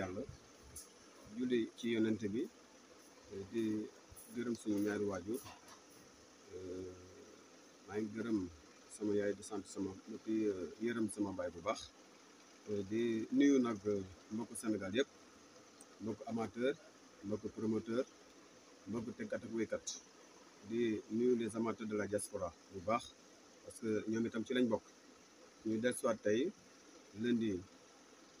yàlla julli ci yonent bi di gërëm suñu ñaari waajur euh, maa ngi gërëm sama yaay di sant sama di euh, yërëm sama baay bu baax euh, di nuyu nag mbokku Sénégal yëpp mbokku amateur mbokku promoteur mbokku tëggat ak wéykat di nuyu les amateurs de la diaspora bu baax parce que ñoom itam ci lañ bokk ñu dellusiwaat tey lundi.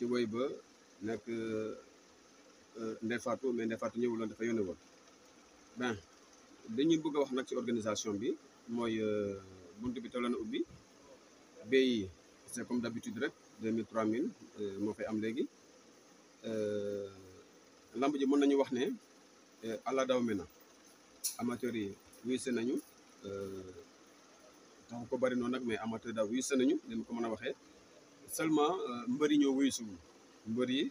ci woy ba nag euh, Ndeye Fatou mais Ndeye Fatou ñëwuloon dafa yoone woon ben dañuy bëgg a wax nag ci organisation bi mooy euh, bunt bi tolloon a ubbi BI c'est comme d'habitude rek deux mille trois mille euh, moo fay am léegi lamb ji mën nañu wax ne àlla daw mi na amateur yi wuyse nañu taxu ko bari noonu nag mais amateur daw wuyse nañu leen ko mën a waxee seulement euh, mbër yi ñoo wuyu suwul mbër yi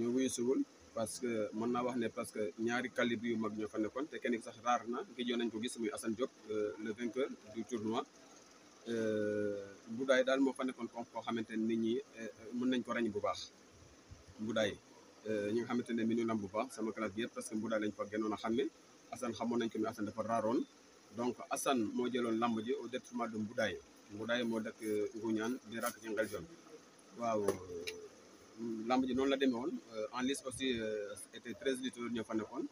ñoo wuyu suwul parce que mën naa wax ne parce que ñaari calibre yu mag ñoo fa nekkoon te kenn sax raar na gëjoon nañ ko gis muy Assane Diop euh, le vainqueur du tournoi euh, Mboudaay daal moo fa nekkoon ko koo xamante ne nit ñi mën nañ ko rañ bu baax Mboudaay ñi nga xamante ne mi ñu nam bu baax sama classe bi yëpp parce que Mboudaay lañ fa gënoon a xàmme Assane xamoon nañ ko mais Assane dafa raaroon donc Assane moo jëloon lamb ji au détriment de Mboudaay Mboudaay moo dëkk Nguñaan di rakk ci Ngaljon waaw euh, lamb ji noonu la demee euh, en lice aussi euh, était treize lutteurs ñoo fa nekkoon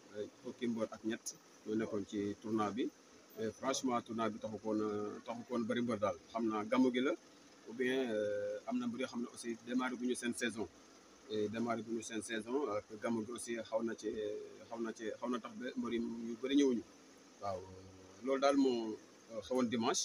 fukki mbër ak ñett ñoo nekkoon ci tournoi bi franchement tournoi bi taxu koon taxu koon bëri daal xam naa gàmmu gi la ou bien am na mbër yoo xam ne aussi démarré gu ñu seen saison démarré gu ñu seen saison ak gàmmu gi aussi xaw na ci xaw na ci xaw na tax ba mbër yu bëri ñëwuñu waaw loolu daal moo xewoon dimanche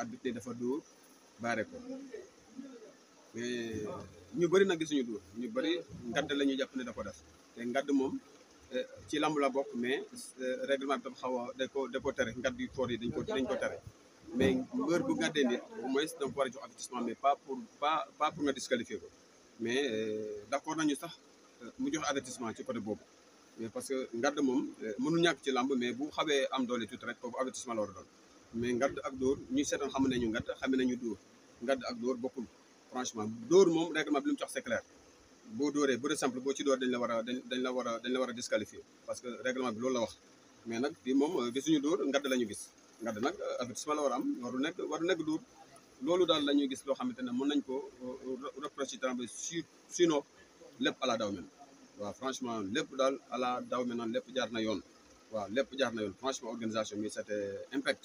arbitre dafa dóor baare ko mais ñu bëri na gisuñu dóor ñu bëri ngadd la ñu jàpp ne da ko def te ngadd moom euh, ci lamb la bokk mais euh, règlement bi tam xaw a da ko da ko tere ngadd yu yi dañ ko dañ ko tere mais mbër bu ngàddee nit au moins da war a jox avertissement mais pas pour pas pas pour nga disqualifier ko mais euh, d'accord nañu sax mu jox avertissement ci côté boobu mais parce que ngadd moom mënul ñàkk ci lamb mais bu xawee am doole tuuti rek foofu avertissement la war a doon mais ngadd ak dóor ñu seetaan xam nañu ngadd xame ñu dóor ngadd ak dóor bokkul franchement dóor moom règlement bi li mu jox c'est boo dóoree bëri simple boo ci dóor dañ la war a dañ la war a dañ la war a disqualifié parce que règlement bi loolu la wax mais nag fii moom euh, gisuñu dóor ngadd la ñu gis ngadd nag euh, avertissement la war am waru nekk waru nekk dóor loolu daal la ñuy gis loo xamante ne mën nañ ko euh, reproché Tamba su sinon lépp à la daw men waaw franchement lépp daal à la daw men lépp jaar na yoon waaw lépp jaar na yoon franchement organisation bi c'était impact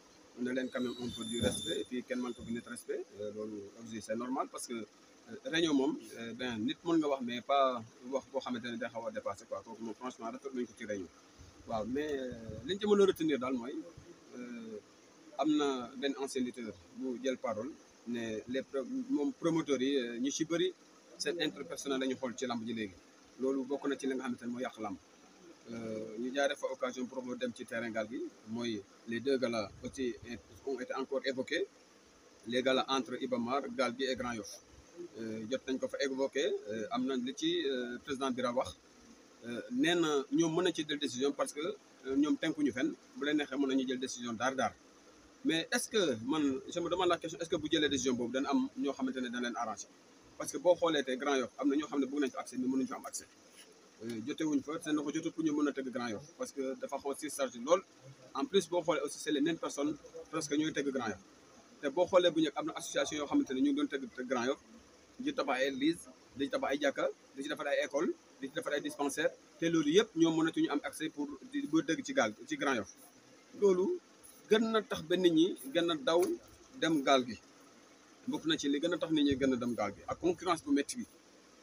on a leen quand même un peu du respect et puis kenn mën ko gën a respect euh, loolu aussi c'est normal parce que euh, réunion mom euh, ben nit mën nga wax mais pas wax boo xamante da xawa dépasser quoi donc moom franchement retour nañ ko ci réunion waaw mais liñ ci mën retenir dal moy euh amna ben ancien lutteur bu jël parole ne les mom promoteurs yi ñu ci bëri seen interpersonnel lañu xol ci lamb ji légui loolu bokku na ci li nga xamante mo yak lamb euh, ñu avons fa occasion pour vous dem ci terrain gal gi les deux galas aussi ont été encore évoqués les galas entre Ibamar, Galbi et Grand Yoff euh, jot nañ ko fa évoqué euh, am na li ci président Bira wax nous na ñoom ci décision parce que nous tënkuñu fenn bu leen neexee mën nañu jël décision d'art d'art. mais est-ce que man je me demande la question est-ce que bu avez décision boobu dana am ñoo xamante ne dana leen arranger parce que boo xoolee tey Grand Yoff nous na ñoo xam ne bëgg nañ fa accès mais accès. Euh, jotewuñ fa seen na ko jotu mën a tëgg Grand Yoff parce que dafa xaw si charge lool en plus boo xoolee aussi c'est les mêmes personnes ñooy tëgg Grand Yoff te boo xoolee bu ñëkk am na association yoo xamante ne ñu ngi doon tëgg Grand Yoff di tabax ay église di tabax ay jàkka di ci defar ay école di ci defar ay dispensaire te loolu yëpp ñoo mënatuñu am accès pour di ba dëgg ci gaal ci Grand Yoff loolu gën na tax ba nit ñi gën a daw dem gaal gi bokk na ci li gën a tax nit ñi gën a dem gaal gi ak concurrence bu métti bi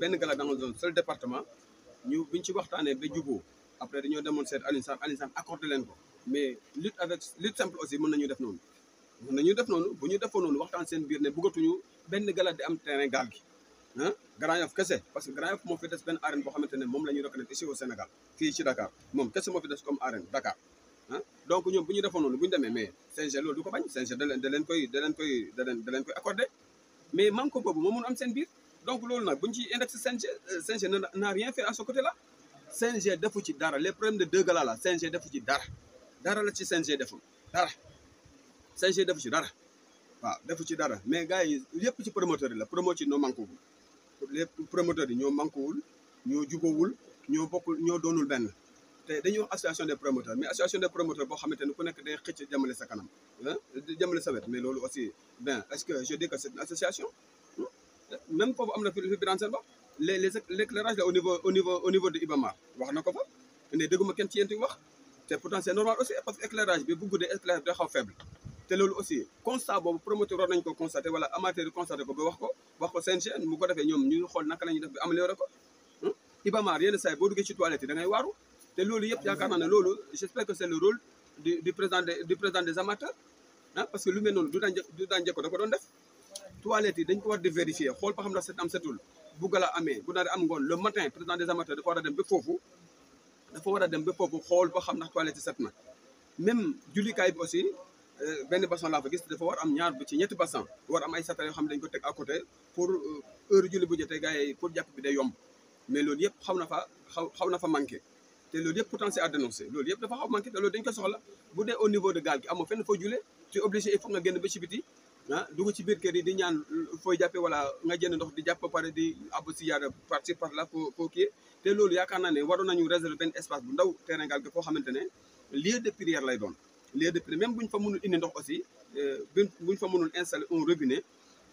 ben gala dans le seul département ñu biñ ci waxtane ba juboo après dañu demoon seet Alioune Sarr Alioune Sarr ko mais lutte avec lutte simple aussi mën nañu def noonu mën nañu def noonu buñu def defoon noonu sen bir ne bëggatuñu ben gala di am terrain gaal gi hein Grand Yoff kessé parce que Grand Yoff mo fi des ben arène bo xamante mom moom la reconnaître ici au Sénégal fi ci Dakar mom kessé mo fi des comme arène Dakar hein donc ñom buñu ñu defoon buñu démé mais CNG loolu du ko bañ CNG da leen da koy de len koy da len koy accorder mais manque bobu mo mun am sen bir donc loolu na bu ci index euh, n'a rien fait à ce côté là CNG defu ci dara les problèmes de deux gars là, CNG defu ci dara dara la ci CNG deful dara CNG defu ci dara waaw defu ci dara mais gars yi y ci promoteur yi la promoteur yi ñoo manquewul les promoteurs yi ñoo manquewul ñoo jubawul ñoo bokkul ñoo doonul benn te dañuy wax association des promoteurs mais association des promoteurs boo xamante ni ku nekk day xëcc jëmale sa kanam ah jëmale sa mais loolu aussi bien est-ce que je dis que c'est une association même foofu am na fi fi biraan les les l'éclairage là au niveau au niveau au niveau de Ibamar wax na ko fa ne dégguma kenn ci yéen wax te pourtant c'est normal aussi parce que éclairage bi bu guddee éclairage bi xaw faible te loolu aussi constat boobu promoteur war nañ ko constaté wala amateur yi constaté ko ba wax ko wax ko CNG mu ko defee ñoom ñu xool naka la def bi amélioré ko hum, Ibamar yenn saa yi boo duggee ci toilette yi da ngay waaru te loolu yëpp yaakaar naa ne j'espère que c'est le rôle du du président du président des amateurs ah, parce que lu mel non, du dans du daan jëkko da ko doon def toilettes dañ ko war di vérifier xol ba xam na set am setul bugala amé bu daal am ngoon le matin président des amateurs dafa war a dem be fofu dafa war a dem be fofu xol ba xam ndax toilette set na même jullikaay bi aussi euh, benn bassin laa fa gis dafa war am ñaar bu ci ñetti bassin war am ay satala yoo xam ne ko tek à côté pour euh, heure julli bu jotee gaay pour japp bi day yomb mais lool yépp xaw na fa xaw na fa manquer té lool yépp pourtant c'est à dénoncer loolu yëpp dafa xaw manqué té lool dañ ko soxla bu dé au niveau de gal gi amo fenn foo julé tu obligé il faut nga genn be ci biti ah dugg ci biir kër yi di ñaan fooy jàppe wala nga jënd ndox di jàpp ba pare di àbb si yaara parti par là foo foo kii te loolu yaakaar naa ne waroon nañu réserver benn espace bu ndaw terrain gaal gi foo xamante ne lieu de prière lay doon. lieu de prière même buñ fa mënul indi ndox aussi euh, buñ ñu fa mënul installer un robinet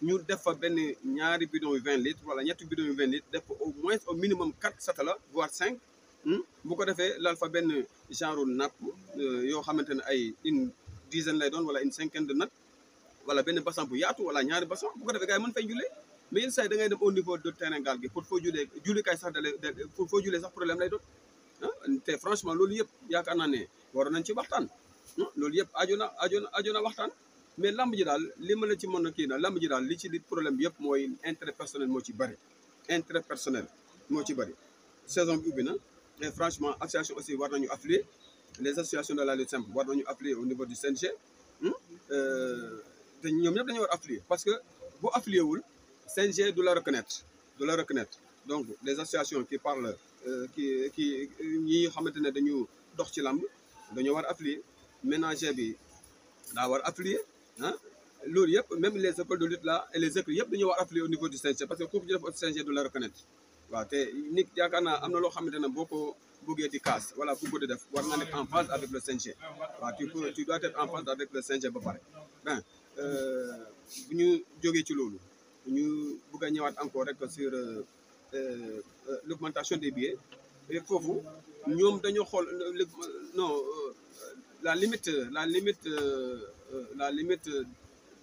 ñu def fa benn ñaari bidon yu 20 litres wala ñetti bidon yu 20 litres def fa au moins au minimum 4 satala voire 5. Hmm. bu ko defee lal fa benn genre napp euh, yoo xamante ne ay une dizaine lay doon wala une cinquaine de napp wala benn bassan bu yaatu wala ñaari bassan bu ko defee gars yi mën fay jullee mais yenn saa da ngay dem au niveau de terrain gaal gi pour foo jullee jullikaay sax da lay pour foo jullee sax problème lay doon ah te franchement loolu yëpp yaakaar naa ne waroon nañ ci waxtaan ah, loolu yëpp aju na aju na aju na waxtaan mais lamb ji daal li ma la ci mën a kii na lamb ji daal li ci li problème bi yëpp mooy intérêt personnel moo ci bëri intérêt personnel moo ci bëri saison bi ubbi na et franchement association aussi war nañu affilier les associations de la lutte simple war nañu affilier au niveau du CNG hmm? euh, te ñoom ñëpp dañu war affilié parce que bu affilié wul CNG du la reconnaître du la reconnaître donc les associations qui parlent euh, qui qui ñi xamante ne dañu dox ci lamb dañoo war affilié ménager bi daa war affilié ah loolu yëpp même les écoles de lutte là et les écoles yëpp dañoo war affilié au niveau du CNG parce que kooku ñu def au CNG du la reconnaître waaw te nit yaakaar naa am na loo xamante ne boo ko bëggee di casse wala bu ko di def war nga nekk en phase avec le CNG waaw tu peux tu dois être en phase avec le CNG ba pare ben, euh, bu ñu jógee ci lolu ñu bëgg ñëwaat encore rek sur euh, euh, euh l'augmentation des billets et fofu ñoom dañu xol non la limite la limite la limite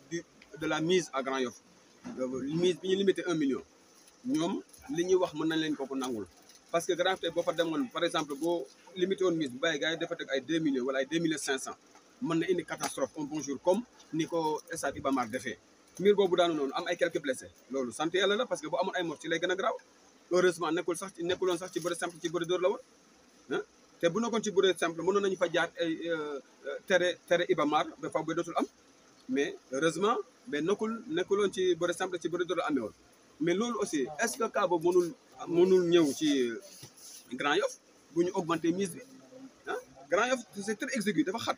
du de la mise à Grand Yoff mise bi ñu limité 1 million ñoom li ñuy wax mën nañ leen kooku nangul parce que Grand Yoff tey fa demoon par exemple bo limité woon mise bu bàyyi gars yi dafa teg ay 2 millions wala ay 2500 man na indi catastrophe un bonjour comme ni ko stade Iba Mar defee mbir boobu daanu noonu am ay quelques blessés loolu sant yalla la parce que bu amoon ay mort ci lay gëna graw heureusement nekkul sax nekkuloon sax ci bëre simple ci bëre dor la won hein té bu nekkoon ci bëre simple mënon nañu fa jaar ay téré téré ibamar Mar fa faw dotul am mais heureusement mais nekkul nekkuloon ci bëre simple ci bëre dor la amee woon mais loolu aussi est-ce que ka boobu mënul mënul ñëw ci euh, Grand Yoff bu ñu augmenter mise bi hein. Grand Yoff c'est très exigu dafa xat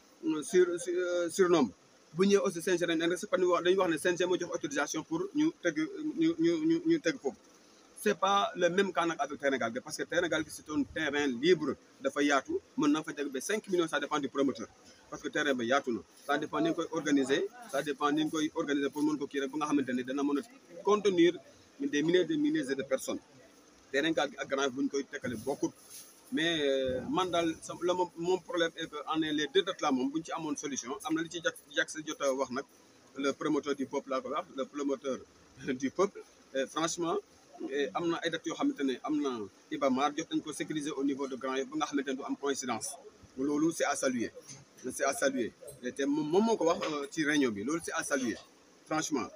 sur euh, surnombre bu ñëwee aussi CNG dañ leen respecté dañuy wax ne CNG moo jox autorisation pour ñu tëgg ñu ñu ñu ñu tëgg foofu. c' est pas le même cas nag avec terrain Gaal parce que terrain Gaal gi c' est terrain libre dafa yaatu mën na fa teg ba 5 millions ça dépend du promoteur. parce que terrain ba yaatu na ça dépend ni ñu koy organiser ça dépend ni koy organiser pour mën ko kii rek ba nga xamante ne dana mën a contenir des milliers de milliers de personnes terrain Gaal bu ñu koy tekkale bokkut. mais euh, man mon problème est que en est les deux dates là moom bu ci amone solution amna li ci jax jag wax nak le promoteur du peuple là ko wax le promoteur du peuple franchement amna na ay dates yo xamantene amna am Iba Mar jot nañ ko sécuriser au niveau de Grand Yoff ba nga xamante ne du am coïncidence lolu c'est à saluer c'est à saluer te mom moko wax euh, ci réunion bi lolu c'est à saluer franchement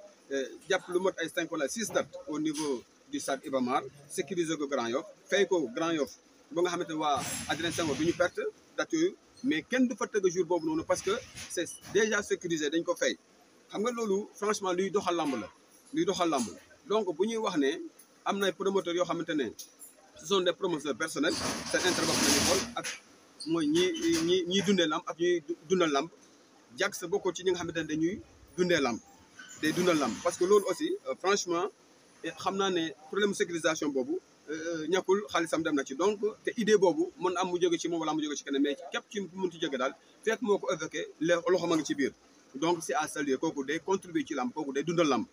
japp lu mot ay 5 ou 6 dates au niveau du stade Ibamar Mar sécuriser ko Grand Yoff fay ko Grand Yoff ba nga wa Adrien Senghor bi perte date mais kenn du fa tëgg jour bobu parce que c'est déjà sécurisé dañ ko fay xam nga lolu franchement luy doxal lamb la luy doxal lamb la donc bu wax né amna promoteur yo promoteurs ce sont des promoteurs personnels c'est intérêt bopp la ñuy ak moy ñi ñi ñiy dundee lamb ak ñuy dundal lamb jax sa bokkoo ci ñi xamantene dañuy dundé lamb day dundal lamb parce que lolu aussi euh, franchement eh, xamna né problème sécurisation bobu euh, ñàkkul dem na donc te idée boobu mën am mu jóge ci moom wala mu jóge ci mais képp ci mu munti jóge daal fekk moo ma ci donc c'est à saluer kooku contribuer ci lamb kooku day dundal lamb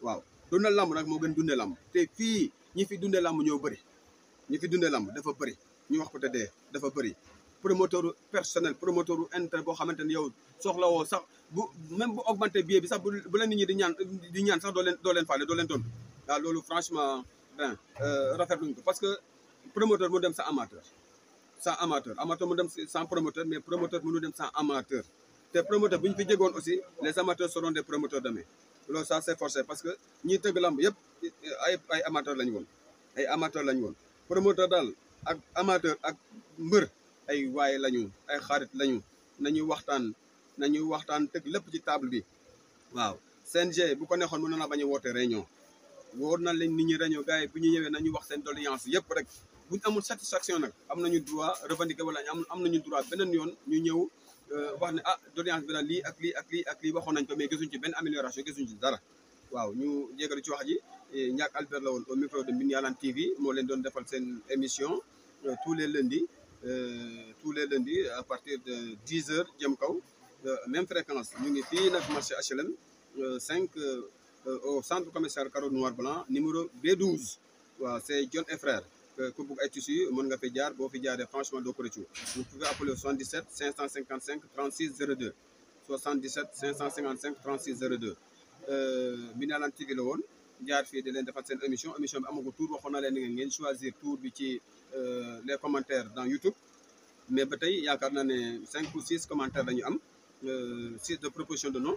waaw dundal lamb nag moo gën dundee lamb ñi fi dundee mon ñoo bëri ñi fi dundee lamb dafa bëri ñu wax ko dafa promoteur personnel promoteur inter boo xamante yow soxla sax même bu augmenté billet bi sax bu la nit ñi di ñaan di ñaan sax franchement ben hein, euh, rafetluñ ko parce que promoteur mu dem sa amateur sans amateur amateur mu dem sans promoteur mais promoteur mënu dem sans amateur te promoteur buñ fi jégoon aussi les amateurs seront des promoteurs demain loolu ça c'est forcé parce que ñi teug lamb yépp ay ay amateurs lañu won ay amateurs lañu won promoteur dal, ak amateur ak mbër ay waye lañu ay xarit lañu nañu waxtaan nañu waxtaan teug lepp ci table bi waaw CNG bu ko nexon mën na bañu woté réunion wóor nañ leen nit ñi réunion gars yi bu ñu ñëwee nañu wax seen doléance yëpp rek bu ñu amul satisfaction nag am nañu droit revendiquer wala am am nañu droit beneen yoon ñu ñëw euh, wax ne ah doléance bi daal lii ak lii ak lii ak lii waxoon nañ ko mais gisuñ ci benn amélioration gisuñ ci dara waaw ñu jégalu ci wax ji ñaak Albert la woon au micro de Mbine yalan TV moo leen doon defal seen émission euh, tous les lundis euh, tous les lundis à partir de 10 heures jëm kaw même fréquence ñu ngi fii nag marché HLM 5. Euh, au centre commercial Caro Noir Blanc numéro B12 c'est John et frère euh, ku bugg ay tissu vous pouvez appeler au 77 555 36 02 77 555 36 02 bi naa laan tigi la émission émission tour choisir tour euh, les commentaires dans YouTube mais il y a 5 ou 6 commentaires 6 de proposition de nom